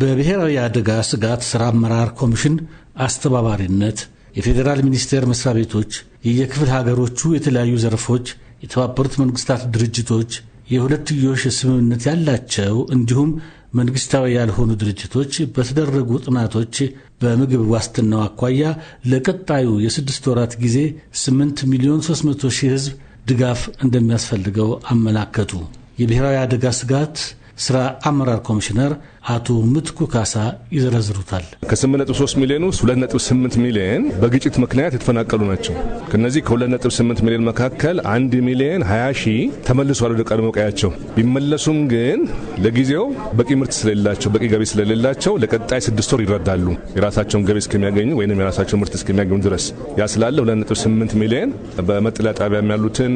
በብሔራዊ አደጋ ስጋት ሥራ አመራር ኮሚሽን አስተባባሪነት የፌዴራል ሚኒስቴር መስሪያ ቤቶች፣ የየክፍል ሀገሮቹ የተለያዩ ዘርፎች፣ የተባበሩት መንግስታት ድርጅቶች፣ የሁለትዮሽ ስምምነት ያላቸው እንዲሁም መንግስታዊ ያልሆኑ ድርጅቶች በተደረጉ ጥናቶች በምግብ ዋስትናው አኳያ ለቀጣዩ የስድስት ወራት ጊዜ 8 ሚሊዮን 300 ሺህ ህዝብ ድጋፍ እንደሚያስፈልገው አመላከቱ። የብሔራዊ አደጋ ስጋት ሥራ አመራር ኮሚሽነር አቶ ምትኩ ካሳ ይዘረዝሩታል። ከ8.3 ሚሊዮን ውስጥ 2.8 ሚሊዮን በግጭት ምክንያት የተፈናቀሉ ናቸው። ከነዚህ ከ2.8 ሚሊዮን መካከል 1 ሚሊዮን 20 ሺህ ተመልሷል ወደ ቀድሞ ቀያቸው። ቢመለሱም ግን ለጊዜው በቂ ምርት ስለሌላቸው፣ በቂ ገቢ ስለሌላቸው ለቀጣይ ስድስት ወር ይረዳሉ የራሳቸውን ገቢ እስከሚያገኙ ወይም የራሳቸውን ምርት እስከሚያገኙ ድረስ። ያ ስላለ 2.8 ሚሊዮን በመጠለያ ጣቢያም ያሉትን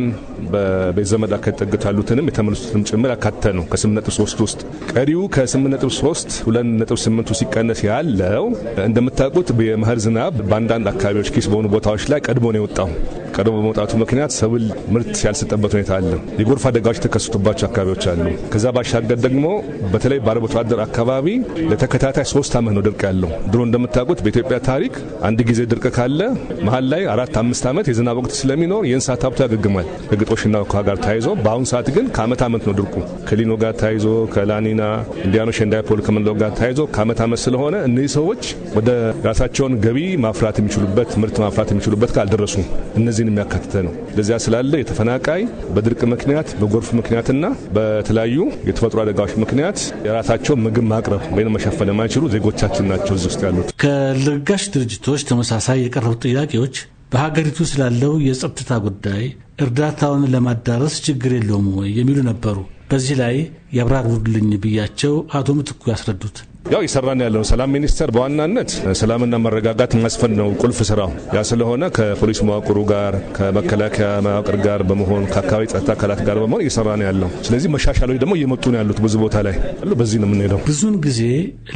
በቤት ዘመድ አካባቢ ያሉትንም የተመለሱትንም ጭምር ያካተተ ነው። ከ8.3 ውስጥ ቀሪው ከ8 3 2.8 ሲቀነስ ያለው እንደምታውቁት የመኸር ዝናብ በአንዳንድ አካባቢዎች ኪስ በሆኑ ቦታዎች ላይ ቀድሞ ነው የወጣው። ቀድሞ በመውጣቱ ምክንያት ሰብል ምርት ያልሰጠበት ሁኔታ አለ። የጎርፍ አደጋዎች የተከሰቱባቸው አካባቢዎች አሉ። ከዛ ባሻገር ደግሞ በተለይ በአርብቶ አደር አካባቢ ለተከታታይ ሶስት ዓመት ነው ድርቅ ያለው። ድሮ እንደምታውቁት በኢትዮጵያ ታሪክ አንድ ጊዜ ድርቅ ካለ መሀል ላይ አራት አምስት ዓመት የዝናብ ወቅት ስለሚኖር የእንስሳት ሀብቶ ያገግማል ከግጦሽና ውሃ ጋር ተያይዞ። በአሁኑ ሰዓት ግን ከአመት ዓመት ነው ድርቁ ከሊኖ ጋር ተያይዞ ከላኒና እንዲያኖሽ እንዳ ፖል ከምንለው ጋር ተያይዞ ከአመት አመት ስለሆነ እነዚህ ሰዎች ወደ ራሳቸውን ገቢ ማፍራት የሚችሉበት ምርት ማፍራት የሚችሉበት ካልደረሱ እነዚህን የሚያካትተ ነው። ለዚያ ስላለ የተፈናቃይ በድርቅ ምክንያት በጎርፍ ምክንያትና በተለያዩ የተፈጥሮ አደጋዎች ምክንያት የራሳቸውን ምግብ ማቅረብ ወይም መሸፈን የማይችሉ ዜጎቻችን ናቸው እዚህ ውስጥ ያሉት። ከለጋሽ ድርጅቶች ተመሳሳይ የቀረቡ ጥያቄዎች በሀገሪቱ ስላለው የጸጥታ ጉዳይ እርዳታውን ለማዳረስ ችግር የለውም ወይ የሚሉ ነበሩ። በዚህ ላይ ያብራሩልኝ ብያቸው አቶ ምትኩ ያስረዱት ያው እየሰራን ያለው ሰላም ሚኒስቴር በዋናነት ሰላምና መረጋጋት ማስፈን ነው ቁልፍ ስራው። ያ ስለሆነ ከፖሊስ መዋቅሩ ጋር ከመከላከያ መዋቅር ጋር በመሆን ከአካባቢ ጸጥታ አካላት ጋር በመሆን እየሰራን ያለው። ስለዚህ መሻሻሎች ደግሞ እየመጡ ነው ያሉት ብዙ ቦታ ላይ በዚህ ነው የምንሄደው። ብዙውን ጊዜ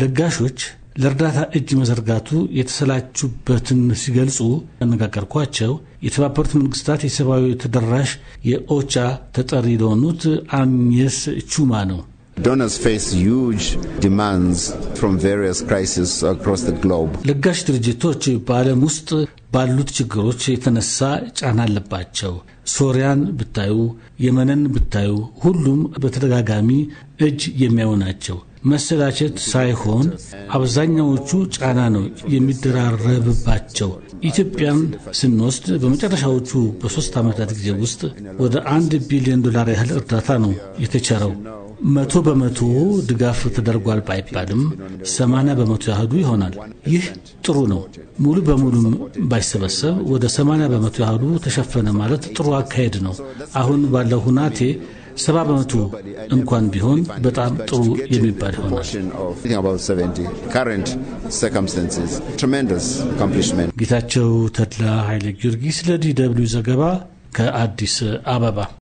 ለጋሾች ለእርዳታ እጅ መዘርጋቱ የተሰላቹበትን ሲገልጹ ያነጋገርኳቸው የተባበሩት መንግስታት የሰብአዊ ተደራሽ የኦቻ ተጠሪ ለሆኑት አሚስ ቹማ ነው። ለጋሽ ድርጅቶች በዓለም ውስጥ ባሉት ችግሮች የተነሳ ጫና አለባቸው። ሶሪያን ብታዩ፣ የመንን ብታዩ ሁሉም በተደጋጋሚ እጅ የሚያዩ ናቸው። መሰላቸት ሳይሆን አብዛኛዎቹ ጫና ነው የሚደራረብባቸው። ኢትዮጵያን ስንወስድ በመጨረሻዎቹ በሶስት ዓመታት ጊዜ ውስጥ ወደ አንድ ቢሊዮን ዶላር ያህል እርዳታ ነው የተቸረው። መቶ በመቶ ድጋፍ ተደርጓል ባይባልም ሰማንያ በመቶ ያህሉ ይሆናል። ይህ ጥሩ ነው። ሙሉ በሙሉ ባይሰበሰብ ወደ ሰማንያ በመቶ ያህሉ ተሸፈነ ማለት ጥሩ አካሄድ ነው። አሁን ባለው ሁናቴ ሰባ በመቱ እንኳን ቢሆን በጣም ጥሩ የሚባል ይሆናል። ጌታቸው ተድላ ኃይለ ጊዮርጊስ ለዲ ደብልዩ ዘገባ ከአዲስ አበባ